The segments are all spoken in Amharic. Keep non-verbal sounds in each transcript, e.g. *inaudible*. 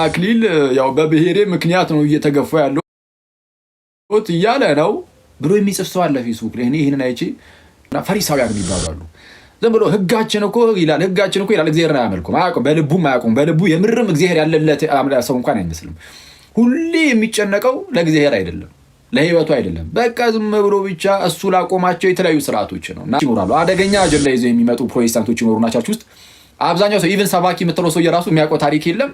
አክሊል ያው በብሔሬ ምክንያት ነው እየተገፋ ያለሁት እያለ ነው ብሎ የሚጽፍ ሰው አለ ፌስቡክ ላይ። እኔ ይህንን አይቼ ፈሪሳውያን ይባላሉ። ዝም ብሎ ህጋችን እኮ ይላል፣ ህጋችን እኮ ይላል። እግዚአብሔርን አያመልኩም፣ አያውቁም፣ በልቡም አያውቁም። በልቡ የምርም እግዚአብሔር ያለለት አምላክ ሰው እንኳን አይመስልም። ሁሌ የሚጨነቀው ለእግዚአብሔር አይደለም ለህይወቱ አይደለም። በቃ ዝም ብሎ ብቻ እሱ ላቆማቸው የተለያዩ ስርዓቶች ነው ይኖራሉ። አደገኛ አጀንዳ ይዘው የሚመጡ ፕሮቴስታንቶች ይኖሩ ናቻች ውስጥ አብዛኛው ሰው ኢቨን ሰባኪ የምትለው ሰው የራሱ የሚያውቀው ታሪክ የለም።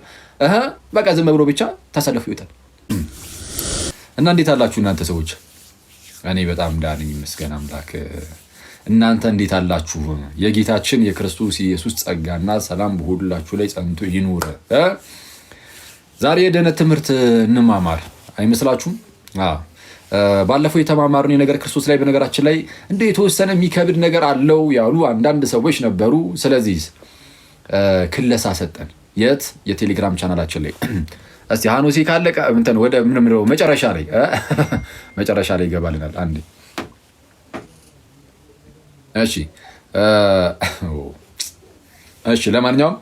በቃ ዝም ብሎ ብቻ ተሰልፎ ይወጣል። እና እንዴት አላችሁ እናንተ ሰዎች? እኔ በጣም ደህና ነኝ፣ ይመስገን አምላክ። እናንተ እንዴት አላችሁ? የጌታችን የክርስቶስ ኢየሱስ ጸጋና ሰላም በሁላችሁ ላይ ጸንቶ ይኑር። ዛሬ የድህነት ትምህርት እንማማር አይመስላችሁም? ባለፈው የተማማርን የነገር ክርስቶስ ላይ በነገራችን ላይ እንደ የተወሰነ የሚከብድ ነገር አለው ያሉ አንዳንድ ሰዎች ነበሩ። ስለዚህ ክለሳ ሰጠን። የት የቴሌግራም ቻናላችን ላይ *clears throat* እስቲ ሀኖሴ ካለቀ እንትን ወደ ምን መጨረሻ ላይ *laughs* መጨረሻ ላይ ይገባልናል። አንዴ እሺ *clears throat* እሺ፣ ለማንኛውም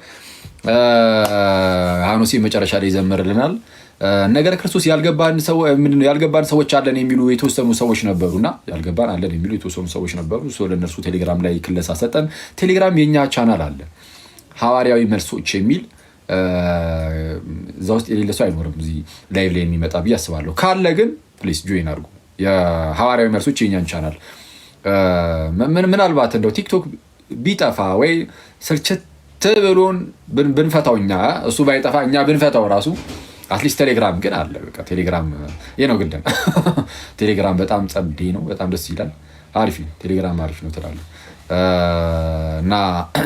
ሀኖሴ መጨረሻ ላይ ይዘምርልናል። ነገር ክርስቶስ ያልገባን ሰዎች አለን የሚሉ የተወሰኑ ሰዎች ነበሩ እና ያልገባን አለን የሚሉ የተወሰኑ ሰዎች ነበሩ። ለእነርሱ ቴሌግራም ላይ ክለሳ ሰጠን። ቴሌግራም የኛ ቻናል አለ ሐዋርያዊ መልሶች የሚል እዛ ውስጥ የሌለ ሰው አይኖርም እዚህ ላይቭ ላይ የሚመጣ ብዬ አስባለሁ። ካለ ግን ፕሊስ ጆይን አድርጉ። የሐዋርያዊ መልሶች የኛን ቻናል ምናልባት እንደው ቲክቶክ ቢጠፋ ወይ ስልችት ብሎን ብንፈታው እኛ እሱ ባይጠፋ እኛ ብንፈታው ራሱ አትሊስት ቴሌግራም ግን አለ። በቃ ቴሌግራም ይህ ነው ግደም *laughs* ቴሌግራም በጣም ጸዴ ነው። በጣም ደስ ይላል። አሪፍ ቴሌግራም አሪፍ ነው ትላለህ እና *clears throat*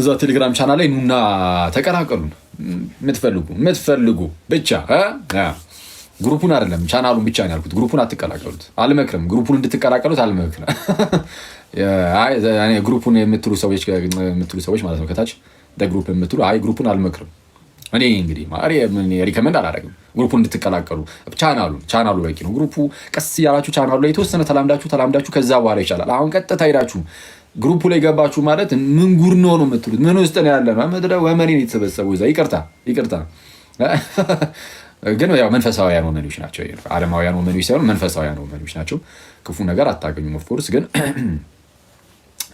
እዛ ቴሌግራም ቻናል ላይ ኑና ተቀላቀሉን። የምትፈልጉ የምትፈልጉ ብቻ ግሩፑን አይደለም ቻናሉን ብቻ ነው ያልኩት። ግሩፑን አትቀላቀሉት፣ አልመክርም። ግሩፑን እንድትቀላቀሉት አልመክርም። ግሩፑን የምትሉ ሰዎች የምትሉ ሰዎች ማለት ነው ከታች ግሩፕ የምትሉ አይ ግሩፑን አልመክርም። እኔ እንግዲህ ሪከመንድ አላደረግም ግሩፑን እንድትቀላቀሉ ቻናሉ ቻናሉ በቂ ነው። ግሩፑ ቀስ እያላችሁ ቻናሉ ላይ የተወሰነ ተላምዳችሁ ተላምዳችሁ ከዛ በኋላ ይቻላል። አሁን ቀጥታ ሄዳችሁ ግሩፑ ላይ ገባችሁ ማለት ምን ጉድ ነው ነው የምትሉት? ምን ውስጥ ነው ያለ ነው? ወመኔ ነው የተሰበሰቡ እዛ። ይቅርታ ይቅርታ፣ ግን ያው መንፈሳውያን ወመኔዎች ናቸው። አለማውያን ወመኔዎች ሳይሆን መንፈሳውያን ወመኔዎች ናቸው። ክፉ ነገር አታገኙም። ኦፍኮርስ ግን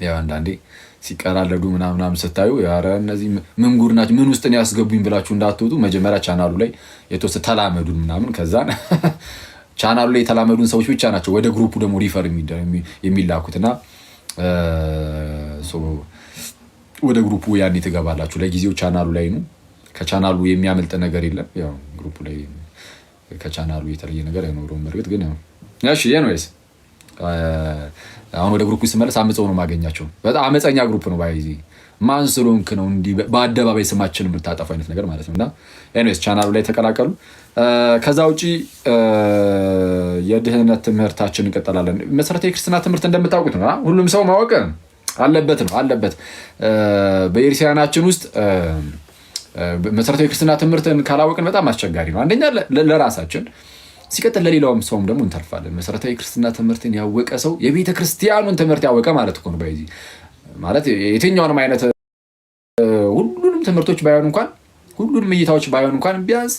ያው አንዳንዴ ሲቀራለዱ ምናምናም ስታዩ ኧረ እነዚህ ምን ጉድ ናቸው፣ ምን ውስጥ ነው ያስገቡኝ ብላችሁ እንዳትወጡ መጀመሪያ ቻናሉ ላይ የተወሰነ ተላመዱን ምናምን ከዛን ቻናሉ ላይ የተላመዱን ሰዎች ብቻ ናቸው ወደ ግሩፑ ደግሞ ሪፈር የሚላኩትና ወደ ግሩፑ ያኔ ትገባላችሁ። ለጊዜው ቻናሉ ላይ ነው። ከቻናሉ የሚያመልጥ ነገር የለም። ያው ግሩፑ ላይ ከቻናሉ የተለየ ነገር አይኖረውም። እርግጥ ግን ያው እሺ አሁን ወደ ግሩፕ ስመለስ አመፀው ነው ማገኛቸው። በጣም አመፀኛ ግሩፕ ነው። ባይዚ ማን ስለሆንክ ነው እንዲህ በአደባባይ ስማችን የምታጠፉ አይነት ነገር ማለት ነው። እና ኤኒዌይስ ቻናሉ ላይ ተቀላቀሉ። ከዛ ውጪ የድህነት ትምህርታችን እንቀጠላለን። መሰረታዊ የክርስትና ትምህርት እንደምታውቁት ነው። ሁሉም ሰው ማወቅ አለበት ነው አለበት። በኢርሲያናችን ውስጥ መሰረታዊ የክርስትና ትምህርትን ካላወቅን በጣም አስቸጋሪ ነው። አንደኛ ለራሳችን ሲቀጥል ለሌላውም ሰውም ደግሞ እንተርፋለን። መሰረታዊ ክርስትና ትምህርትን ያወቀ ሰው የቤተ ክርስቲያኑን ትምህርት ያወቀ ማለት እኮ ነው። ማለት የትኛውንም አይነት ሁሉንም ትምህርቶች ባይሆን እንኳን ሁሉንም እይታዎች ባይሆን እንኳን ቢያንስ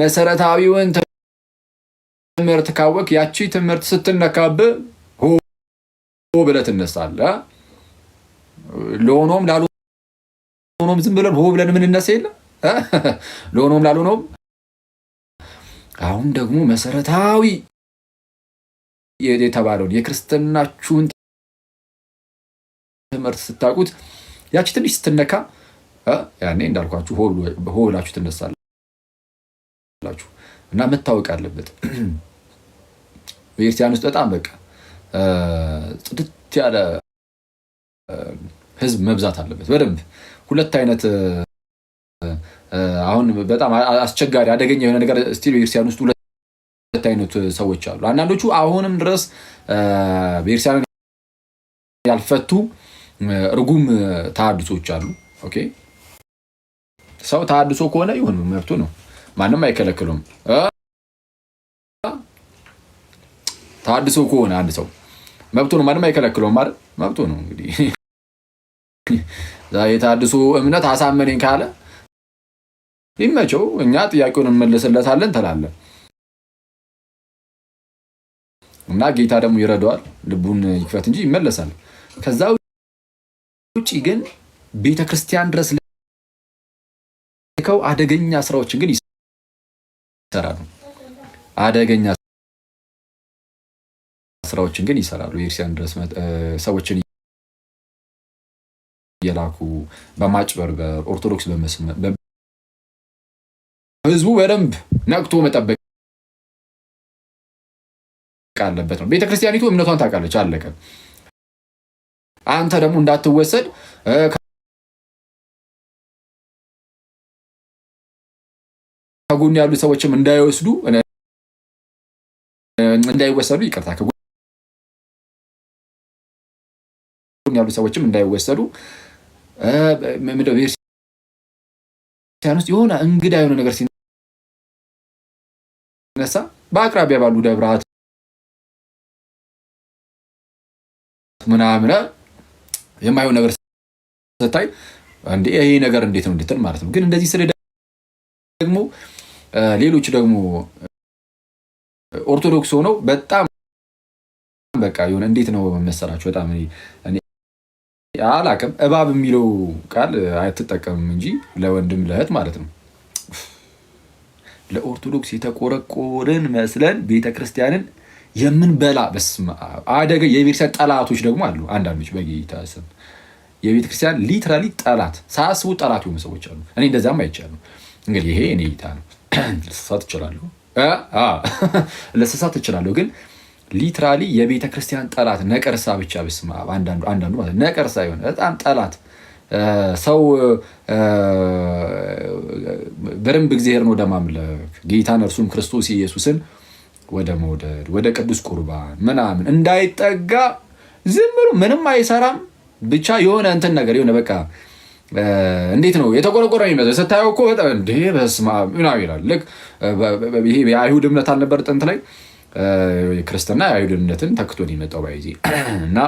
መሰረታዊውን ትምህርት ካወቅ ያቺ ትምህርት ስትነካብህ ሆ ብለህ ትነሳለህ። ለሆኖም ላልሆኖም ዝም ብለን ሆ ብለን የምንነሳ የለ ለሆኖም ላልሆኖም አሁን ደግሞ መሰረታዊ የተባለውን የክርስትናችሁን ትምህርት ስታውቁት ያቺ ትንሽ ስትነካ ያኔ እንዳልኳችሁ ሆላችሁ ትነሳላችሁ እና መታወቅ አለበት። በክርስቲያን *clears throat* ውስጥ በጣም በቃ ጥድት ያለ ህዝብ መብዛት አለበት። በደንብ ሁለት አይነት አሁን በጣም አስቸጋሪ አደገኛ የሆነ ነገር ስቲል ቤተክርስቲያን ውስጥ ሁለት አይነት ሰዎች አሉ። አንዳንዶቹ አሁንም ድረስ ቤተክርስቲያን ያልፈቱ እርጉም ተሐድሶች አሉ። ኦኬ ሰው ተሐድሶ ከሆነ ይሁን መብቱ ነው፣ ማንም አይከለክሉም። ተሐድሶ ከሆነ አንድ ሰው መብቱ ነው፣ ማንም አይከለክለውም። መብቱ ነው እንግዲህ የተሐድሶ እምነት አሳመኔን ካለ ይመቸው፣ እኛ ጥያቄውን እንመለስለታለን ትላለን እና ጌታ ደግሞ ይረዳዋል፣ ልቡን ይክፈት እንጂ ይመለሳል። ከዛ ውጭ ግን ቤተ ክርስቲያን ድረስ ልከው አደገኛ ስራዎችን ግን ይሰራሉ። አደገኛ ስራዎችን ግን ይሰራሉ። ቤተክርስቲያን ድረስ ሰዎችን እየላኩ በማጭበርበር ኦርቶዶክስ ህዝቡ በደንብ ነቅቶ መጠበቅ አለበት ነው። ቤተክርስቲያኒቱ እምነቷን ታውቃለች። አለቀ። አንተ ደግሞ እንዳትወሰድ ከጎን ያሉ ሰዎችም እንዳይወስዱ እንዳይወሰዱ ይቅርታ፣ ከጎን ያሉ ሰዎችም እንዳይወሰዱ ቤተክርስቲያን ውስጥ የሆነ እንግዳ የሆነ ነገር በአቅራቢያ ባሉ ደብራት ምናምን የማየው ነገር ስታይ ይሄ ነገር እንዴት ነው እንድትል ማለት ነው። ግን እንደዚህ ስለ ደግሞ ሌሎች ደግሞ ኦርቶዶክስ ሆነው በጣም በቃ የሆነ እንዴት ነው መሰላችሁ በጣም አላቅም እባብ የሚለው ቃል አትጠቀምም እንጂ ለወንድም ለእህት ማለት ነው። ለኦርቶዶክስ የተቆረቆርን መስለን ቤተ ክርስቲያንን የምንበላ በስመ አደገ። የቤተክርስቲያን ጠላቶች ደግሞ አሉ። አንዳንዶች በጌታ ስም የቤተ ክርስቲያን ሊትራሊ ጠላት ሳያስቡ ጠላት የሆኑ ሰዎች አሉ። እኔ እንደዛም አይቻሉ። እንግዲህ ይሄ እኔ እይታ ነው። ልስሳት እችላለሁ፣ ልስሳት እችላለሁ። ግን ሊትራሊ የቤተ ክርስቲያን ጠላት ነቀርሳ ብቻ በስመ አንዳንዱ ነቀርሳ የሆነ በጣም ጠላት ሰው በደንብ እግዚአብሔርን ወደ ማምለክ ጌታን እርሱም ክርስቶስ ኢየሱስን ወደ መውደድ ወደ ቅዱስ ቁርባን ምናምን እንዳይጠጋ ዝም ብሎ ምንም አይሰራም። ብቻ የሆነ እንትን ነገር የሆነ በቃ እንዴት ነው የተቆረቆረ የሚመስለው ስታየው እኮ በስመ አብ ምናምን ይላል። ልክ ይሄ የአይሁድ እምነት አልነበር ጥንት ላይ ክርስትና የአይሁድ እምነትን ተክቶን የመጣው ባይዜ *clears throat* እና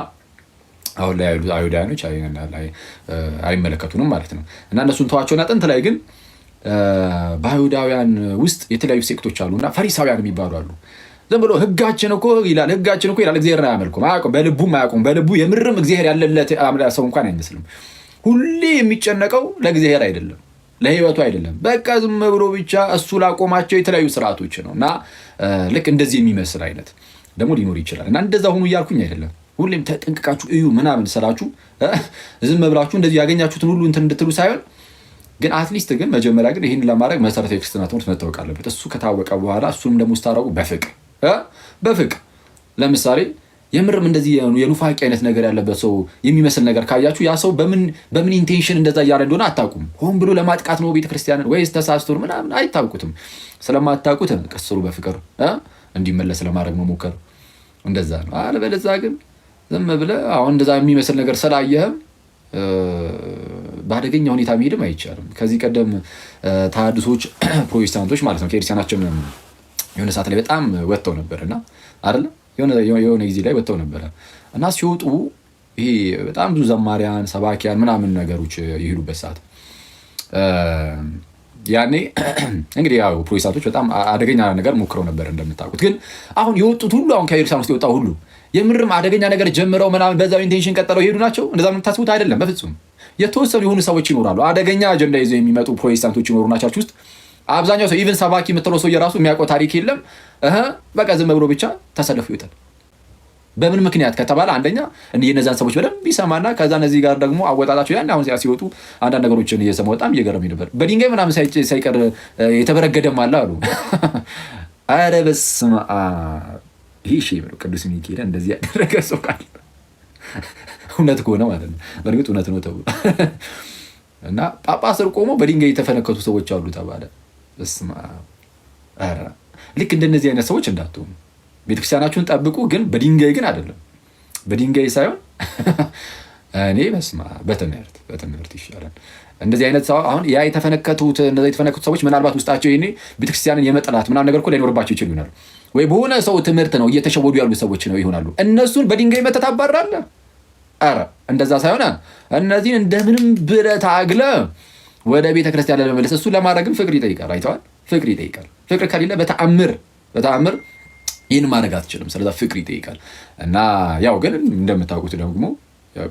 አሁን ላይ ያሉት አይሁዳውያኖች አይመለከቱንም ማለት ነው እና እነሱን ተዋቸውና ጥንት ላይ ግን በአይሁዳውያን ውስጥ የተለያዩ ሴክቶች አሉ እና ፈሪሳውያን የሚባሉ አሉ። ዝም ብሎ ህጋችን እኮ ይላል ህጋችን እኮ ይላል እግዚአብሔርን አያመልኩም አያውቁም፣ በልቡም አያውቁም። በልቡ የምርም እግዚአብሔር ያለለት ሰው እንኳን አይመስልም። ሁሌ የሚጨነቀው ለእግዚአብሔር አይደለም፣ ለህይወቱ አይደለም። በቃ ዝም ብሎ ብቻ እሱ ላቆማቸው የተለያዩ ስርዓቶች ነው እና ልክ እንደዚህ የሚመስል አይነት ደግሞ ሊኖር ይችላል እና እንደዛ ሆኑ እያልኩኝ አይደለም ሁሌም ተጠንቅቃችሁ እዩ ምናምን ስላችሁ ዝም ብላችሁ እንደዚህ ያገኛችሁትን ሁሉ እንትን እንድትሉ ሳይሆን ግን አትሊስት ግን መጀመሪያ ግን ይህን ለማድረግ መሰረታዊ ክርስትና ትምህርት መታወቅ አለበት። እሱ ከታወቀ በኋላ እሱንም ደግሞ ስታረጉ በፍቅ በፍቅ ለምሳሌ የምርም እንደዚህ የኑፋቂ አይነት ነገር ያለበት ሰው የሚመስል ነገር ካያችሁ ያ ሰው በምን ኢንቴንሽን እንደዛ እያለ እንደሆነ አታውቁም። ሆን ብሎ ለማጥቃት ነው ቤተክርስቲያንን ወይስ ተሳስቶን ምናምን አይታውቁትም። ስለማታውቁት ቀስሩ በፍቅር እንዲመለስ ለማድረግ መሞከር እንደዛ ነው። አለበለዛ ግን ዝም ብለህ አሁን እንደዛ የሚመስል ነገር ስላየህም በአደገኛ ሁኔታ መሄድም አይቻልም። ከዚህ ቀደም ተሐድሶች *clears throat* ፕሮቴስታንቶች ማለት ነው ከቤተክርስቲያናችን የሆነ ሰዓት ላይ በጣም ወጥተው ነበር እና አይደለ የሆነ ጊዜ ላይ ወጥተው ነበረ እና ሲወጡ ይሄ በጣም ብዙ ዘማሪያን፣ ሰባኪያን ምናምን ነገሮች የሄዱበት ሰዓት ያኔ *clears throat* እንግዲህ ያው ፕሮቴስታንቶች በጣም አደገኛ ነገር ሞክረው ነበር እንደምታውቁት። ግን አሁን የወጡት ሁሉ አሁን ከኢየሩሳሌም ውስጥ የወጣው ሁሉ የምርም አደገኛ ነገር ጀምረው ምናምን በዛ ኢንቴንሽን ቀጠለው ይሄዱ ናቸው። እንደዛ የምታስቡት አይደለም በፍጹም። የተወሰኑ የሆኑ ሰዎች ይኖራሉ፣ አደገኛ አጀንዳ ይዘው የሚመጡ ፕሮቴስታንቶች ይኖሩ ናቻችሁ ውስጥ አብዛኛው ሰው ኢቨን ሰባኪ የምትለው ሰው የራሱ የሚያውቀው ታሪክ የለም። በቃ ዝም ብሎ ብቻ ተሰልፎ ይወጣል። በምን ምክንያት ከተባለ አንደኛ የነዛን ሰዎች በደንብ ይሰማና ከዛ እነዚህ ጋር ደግሞ አወጣጣቸው ያን አሁን ሲወጡ አንዳንድ ነገሮችን እየሰማ በጣም እየገረመኝ ነበር። በድንጋይ ምናምን ሳይቀር የተበረገደም አለ አሉ። *laughs* አረ በስመ አብ! ይህ ሺ ቅዱስ ሚካኤል እንደዚህ ያደረገ ሰው ካለ *laughs* እውነት ከሆነ ማለት ነው። በእርግጥ እውነት ነው ተብሎ *laughs* እና ጳጳስ ስር ቆሞ በድንጋይ የተፈነከቱ ሰዎች አሉ ተባለ። በስመ አብ! ልክ እንደነዚህ አይነት ሰዎች እንዳትሆኑ ቤተክርስቲያናችሁን ጠብቁ፣ ግን በድንጋይ ግን አይደለም። በድንጋይ ሳይሆን *laughs* እኔ በስማ በትምህርት በትምህርት ይሻላል። እንደዚህ አይነት ሰው አሁን ያ የተፈነከቱት እነዚያ የተፈነከቱት ሰዎች ምናልባት ውስጣቸው ይሄኔ ቤተክርስቲያንን የመጠላት ምናምን ነገር እኮ ላይኖርባቸው ይችሉ ይሆናሉ። ወይ በሆነ ሰው ትምህርት ነው እየተሸወዱ ያሉ ሰዎች ነው ይሆናሉ። እነሱን በድንጋይ መተት አባራለ ኧረ እንደዛ ሳይሆን እነዚህን እንደምንም ብረት አግለ ወደ ቤተ ክርስቲያን ለመመለስ እሱ ለማድረግም ፍቅር ይጠይቃል። አይተዋል። ፍቅር ይጠይቃል። ፍቅር ከሌለ በተአምር በተአምር ይህን ማድረግ አትችልም። ስለዛ ፍቅር ይጠይቃል እና ያው ግን እንደምታውቁት ደግሞ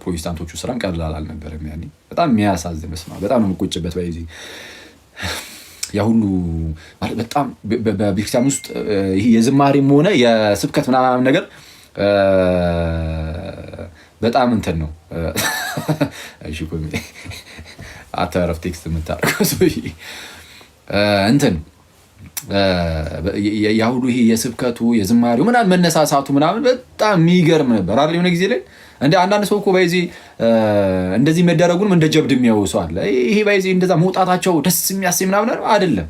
ፕሮቴስታንቶቹ ስራም ቀላል አልነበረም። ያኔ በጣም የሚያሳዝን መስማ በጣም ነው የምቆጭበት በዚህ *sighs* ያ ሁሉ በጣም በቤተክርስቲያን ውስጥ ይሄ የዝማሬም ሆነ የስብከት ምናምን ነገር በጣም እንትን ነው። *laughs* *laughs* አተረፍ ቴክስት የምታደርገው እንትን የአሁዱ ይሄ የስብከቱ የዝማሬው ምናምን መነሳሳቱ ምናምን በጣም የሚገርም ነበር። አ የሆነ ጊዜ ላይ እንደ አንዳንድ ሰው እኮ ባይዜ እንደዚህ መደረጉንም እንደ ጀብድ የሚያወሱ ይሄ ባይዜ እንደዛ መውጣታቸው ደስ የሚያሰኝ ምናምን አይደለም።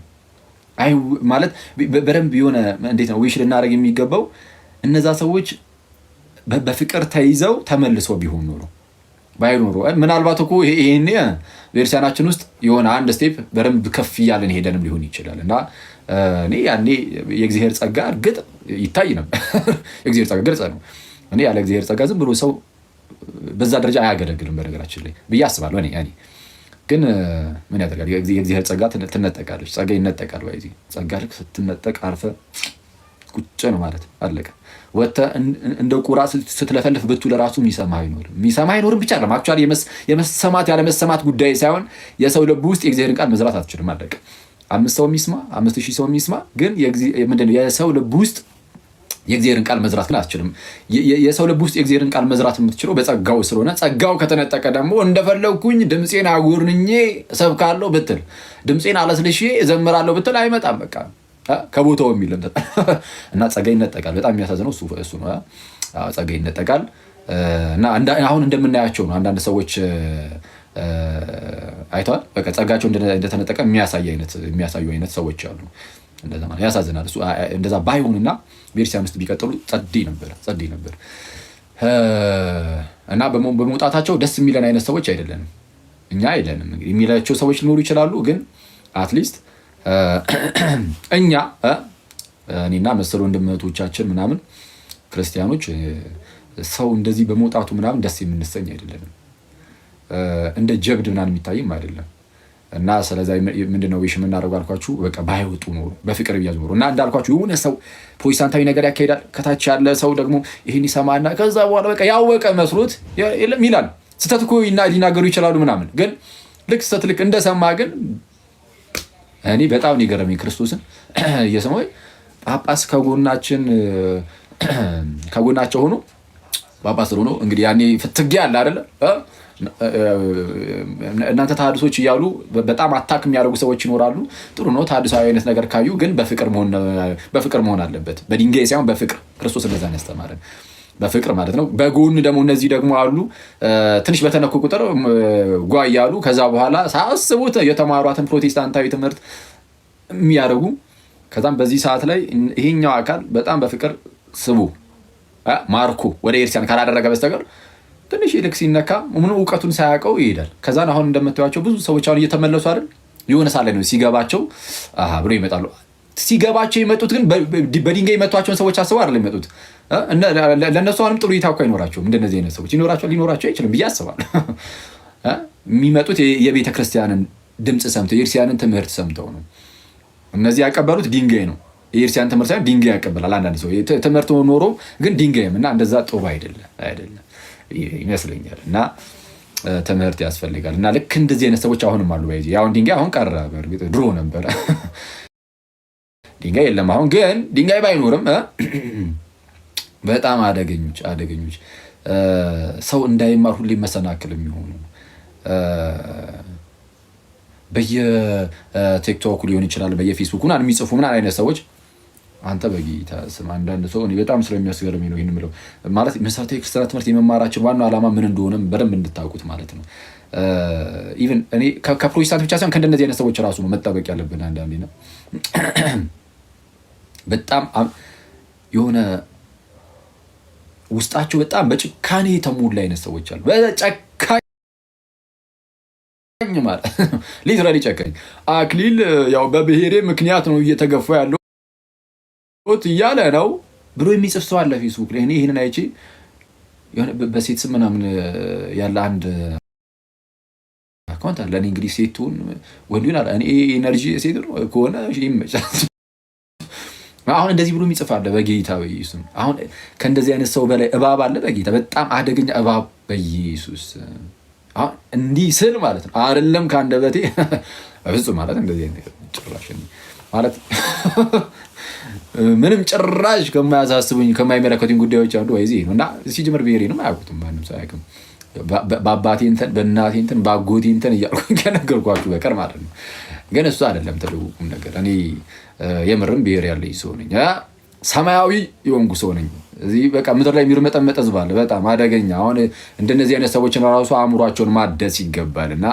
አይ ማለት በደንብ የሆነ እንዴት ነው ዊሽ ልናደርግ የሚገባው እነዛ ሰዎች በፍቅር ተይዘው ተመልሶ ቢሆን ኖሮ ባይኖሩ ምናልባት እኮ ይሄኔ ቤተክርስቲያናችን ውስጥ የሆነ አንድ ስቴፕ በደንብ ከፍ እያለን ሄደንም ሊሆን ይችላል እና እኔ ያኔ የእግዚአብሔር ጸጋ እርግጥ ይታይ ነበር። *laughs* የእግዚአብሔር ጸጋ ግልጽ ነው። እኔ ያለ እግዚአብሔር ጸጋ ዝም ብሎ ሰው በዛ ደረጃ አያገለግልም በነገራችን ላይ ብዬ አስባለሁ። እኔ ያኔ ግን ምን ያደርጋል የእግዚአብሔር ጸጋ ትነጠቃለች። ጸጋ ይነጠቃል። ጸጋ ልክ ስትነጠቅ አርፈ ቁጭ ነው ማለት አለቀ። ወጥተህ እንደ ቁራ ስትለፈልፍ ብትውል ለራሱ የሚሰማ አይኖርም። የሚሰማ አይኖርም ብቻ ለም አክቹዋሊ የመሰማት ያለመሰማት ጉዳይ ሳይሆን የሰው ልብ ውስጥ የእግዚአብሔርን ቃል መዝራት አትችልም። አለቀ። አምስት ሰው የሚስማ አምስት ሺህ ሰው የሚስማ ግን ምንድን ነው የሰው ልብ ውስጥ የእግዚአብሔርን ቃል መዝራት ግን አትችልም። የሰው ልብ ውስጥ የእግዚአብሔርን ቃል መዝራት የምትችለው በጸጋው ስለሆነ ጸጋው ከተነጠቀ ደግሞ እንደፈለግኩኝ ድምፄን አጉርንኜ እሰብካለሁ ብትል፣ ድምፄን አለስልሼ እዘምራለሁ ብትል አይመጣም በቃ ከቦታው የሚልም *laughs* እና ጸጋይ ይነጠቃል። በጣም የሚያሳዝነው እሱ ነው። ጸጋይ ይነጠቃል እና አሁን እንደምናያቸው ነው። አንዳንድ ሰዎች አይተዋል። በቃ ጸጋቸው እንደተነጠቀ የሚያሳዩ አይነት ሰዎች አሉ። ያሳዝናል። እሱ እንደዛ ባይሆንና ቤተክርስቲያን ውስጥ ቢቀጥሉ ጸድ ነበር፣ ጸድ ነበር እና በመውጣታቸው ደስ የሚለን አይነት ሰዎች አይደለንም፣ እኛ አይደለንም። እንግዲህ የሚላቸው ሰዎች ሊኖሩ ይችላሉ፣ ግን አትሊስት *clears throat* እኛ እኔና መሰል ወንድም ምናምን ክርስቲያኖች ሰው እንደዚህ በመውጣቱ ምናምን ደስ የምንሰኝ አይደለንም። እንደ ጀብድ ምናምን የሚታይም አይደለም። እና ስለዚ ምንድነው ሽ የምናደርጉ አልኳችሁ፣ በቃ ባይወጡ ኖሩ በፍቅር ብያዙ ኖሩ። እና እንዳልኳችሁ የሆነ ሰው ፖይሳንታዊ ነገር ያካሄዳል። ከታች ያለ ሰው ደግሞ ይህን ይሰማና ከዛ በኋላ በቃ ያወቀ መስሎት ይላል። ስህተት እኮ ሊናገሩ ይችላሉ ምናምን፣ ግን ልክ ስህተት ልክ እንደሰማ ግን እኔ በጣም ነው የገረመኝ ክርስቶስን እየሰማሁ *clears throat* ጳጳስ ከጎናችን *clears throat* ከጎናቸው ሆኖ ጳጳስ ሆኖ እንግዲህ ያኔ ፍትጌ አለ አይደለ እናንተ ተሐድሶች እያሉ በጣም አታክ የሚያደርጉ ሰዎች ይኖራሉ። ጥሩ ነው ተሐድሳዊ አይነት ነገር ካዩ ግን በፍቅር መሆን አለበት። በድንጋይ ሳይሆን በፍቅር ክርስቶስ እንደዛ ያስተማረን በፍቅር ማለት ነው። በጎን ደግሞ እነዚህ ደግሞ አሉ ትንሽ በተነኩ ቁጥር ጓ እያሉ ከዛ በኋላ ሳያስቡት የተማሯትን ፕሮቴስታንታዊ ትምህርት የሚያደርጉ ከዛም በዚህ ሰዓት ላይ ይሄኛው አካል በጣም በፍቅር ስቡ ማርኩ ወደ ኤርሲያን ካላደረገ በስተቀር ትንሽ ይልቅ ሲነካ ምኑ እውቀቱን ሳያውቀው ይሄዳል። ከዛን አሁን እንደምታዩቸው ብዙ ሰዎች አሁን እየተመለሱ አይደል የሆነ ሳለ ነው ሲገባቸው ብሎ ይመጣሉ። ሲገባቸው የመጡት ግን በድንጋይ የመቷቸውን ሰዎች አስበው አይደል የመጡት ለእነሱ አሁንም ጥሩ እይታ እኮ አይኖራቸውም። እንደነዚህ አይነት ሰዎች ይኖራቸዋል ሊኖራቸው አይችልም ብዬ አስባል። የሚመጡት የቤተ ክርስቲያንን ድምፅ ሰምተው የኤርሲያንን ትምህርት ሰምተው ነው። እነዚህ ያቀበሉት ድንጋይ ነው። የኤርሲያን ትምህርት ሳይሆን ድንጋይ ያቀበላል። አንዳንድ ሰው ትምህርት ኖሮ ግን ድንጋይም እና እንደዛ ጥሩ አይደለም አይደለም ይመስለኛል እና ትምህርት ያስፈልጋል እና ልክ እንደዚህ አይነት ሰዎች አሁንም አሉ። ይ አሁን ድንጋይ አሁን ቀረ፣ በእርግጥ ድሮ ነበረ ድንጋይ የለም። አሁን ግን ድንጋይ ባይኖርም በጣም አደገኞች አደገኞች ሰው እንዳይማር ሁሌ መሰናክል የሚሆኑ በየቲክቶኩ ሊሆን ይችላል በየፌስቡክ ምናምን የሚጽፉ ምን አይነት ሰዎች አንተ በጌታ ስም አንዳንድ ሰው በጣም ስለሚያስገርመኝ ነው ይህን የምለው። ማለት መሰረታዊ ክርስትና ትምህርት የመማራችን ዋና ዓላማ ምን እንደሆነም በደንብ እንድታውቁት ማለት ነው። ኢቨን እኔ ከፕሮቴስታንት ብቻ ሳይሆን ከእንደነዚህ አይነት ሰዎች ራሱ ነው መጠበቅ ያለብን። አንዳንዴ ነው *clears throat* በጣም የሆነ ውስጣቸው በጣም በጭካኔ የተሞላ አይነት ሰዎች አሉ። በጨካኝ ማለት ሊትራሊ ጨካኝ። አክሊል ያው በብሔሬ ምክንያት ነው እየተገፉ ያለው እያለ ነው ብሎ የሚጽፍ ሰው አለ ፌስቡክ ላይ። እኔ ይህንን አይቼ በሴት ስም ምናምን ያለ አንድ አካውንት አለ። እኔ እንግዲህ ሴቱን ትሆን ወንድ እኔ ኤነርጂ ሴት ነው ከሆነ ይመቻል። አሁን እንደዚህ ብሎ የሚጽፍ አለ። በጌታ በኢየሱስ አሁን ከእንደዚህ አይነት ሰው በላይ እባብ አለ። በጌታ በጣም አደገኛ እባብ በኢየሱስ አሁን እንዲህ ስል ማለት ነው አይደለም ከአንደበቴ *laughs* በፍጹም ማለት እንደዚህ ጭራሽ ማለት *laughs* ምንም ጭራሽ ከማያሳስቡኝ ከማይመለከቱኝ ጉዳዮች አንዱ ወይ ነው እና ሲጀምር ብሔሬ ነው አያውቁትም። ማንም ሰው አያውቅም። በአባቴ እንትን በእናቴ እንትን በአጎቴ እንትን እያልኩ ከነገርኳችሁ በቀር ማለት ነው ግን እሱ አይደለም ትልቁም ነገር። እኔ የምርም ብሔር ያለኝ ሰው ነኝ፣ ሰማያዊ የሆንኩ ሰው ነኝ። እዚህ በቃ ምድር ላይ የሚርመጠመጠ ህዝብ አለ፣ በጣም አደገኛ። አሁን እንደነዚህ አይነት ሰዎችን ራሱ አእምሯቸውን ማደስ ይገባል። እና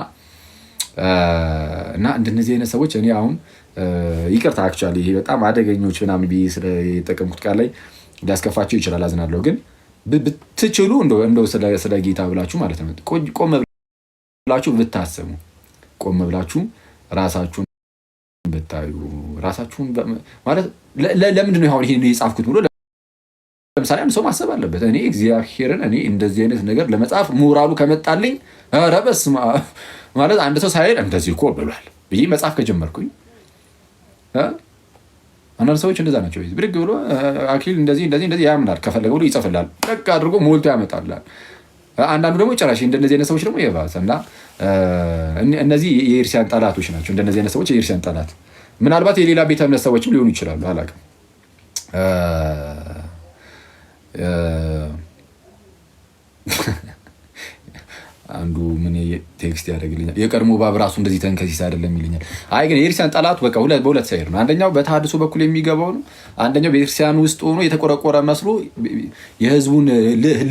እና እንደነዚህ አይነት ሰዎች እኔ አሁን ይቅርታ አክቹዋሊ ይሄ በጣም አደገኞች ምናምን ብዬ ስለየጠቀምኩት ቃል ላይ ሊያስከፋቸው ይችላል፣ አዝናለሁ። ግን ብትችሉ እንደው ስለ ጌታ ብላችሁ ማለት ነው ቆም ብላችሁ ብታሰሙ ቆም ብላችሁ ራሳችሁን ብታዩ ራሳችሁን ማለት ለምንድን ነው አሁን ይሄን የጻፍኩት ብሎ ለምሳሌ አንድ ሰው ማሰብ አለበት። እኔ እግዚአብሔርን እኔ እንደዚህ አይነት ነገር ለመጻፍ ሙራሉ ከመጣልኝ ረበስ ማለት አንድ ሰው ሳይል እንደዚህ እኮ ብሏል ብዬ መጻፍ ከጀመርኩኝ አንዳንድ ሰዎች እንደዛ ናቸው። ብድግ ብሎ አክሊል እንደዚህ እንደዚህ እንደዚህ ያምናል፣ ከፈለገ ብሎ ይጽፍላል፣ አድርጎ ሞልቶ ያመጣላል። አንዳንዱ ደግሞ ጭራሽ እንደነዚህ አይነት ሰዎች ደግሞ የባሰ እና እነዚህ የኢርሲያን ጠላቶች ናቸው። እንደነዚህ አይነት ሰዎች የኢርሲያን ጠላት ምናልባት የሌላ ቤተ እምነት ሰዎችም ሊሆኑ ይችላሉ። አላውቅም። አንዱ ምን ቴክስት ያደርግልኛል የቀድሞ ባብ ራሱ እንደዚህ ተንከሲስ አይደለም ይልኛል። አይ ግን የክርስቲያን ጠላት በቃ በሁለት ሳይር ነው። አንደኛው በተሃድሶ በኩል የሚገባው ነው። አንደኛው ቤተክርስቲያን ውስጥ ሆኖ የተቆረቆረ መስሎ የህዝቡን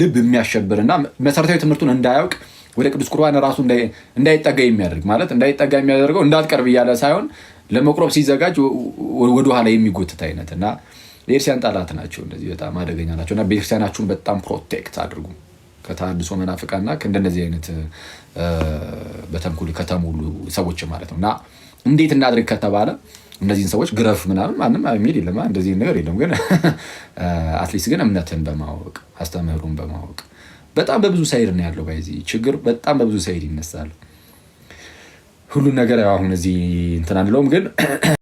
ልብ የሚያሸብር እና መሰረታዊ ትምህርቱን እንዳያውቅ ወደ ቅዱስ ቁርባን ራሱ እንዳይጠጋ የሚያደርግ ማለት እንዳይጠጋ የሚያደርገው እንዳትቀርብ እያለ ሳይሆን ለመቁረብ ሲዘጋጅ ወደኋላ የሚጎትት አይነት እና የቤተክርስቲያን ጠላት ናቸው። እንደዚህ በጣም አደገኛ ናቸው እና ቤተክርስቲያናችሁን በጣም ፕሮቴክት አድርጉም። ከተሃድሶ መናፍቃና እንደነዚህ አይነት በተንኮል ከተሞሉ ሰዎች ማለት ነው። እና እንዴት እናድርግ ከተባለ እነዚህን ሰዎች ግረፍ ምናምን ማንም የሚል የለም፣ እንደዚህ ነገር የለም። ግን አትሊስት *laughs* ግን እምነትን በማወቅ አስተምህሩን በማወቅ በጣም በብዙ ሳይድ ነው ያለው። በዚህ ችግር በጣም በብዙ ሳይድ ይነሳል ሁሉን ነገር አሁን እዚህ እንትን አንለውም ግን *clears throat*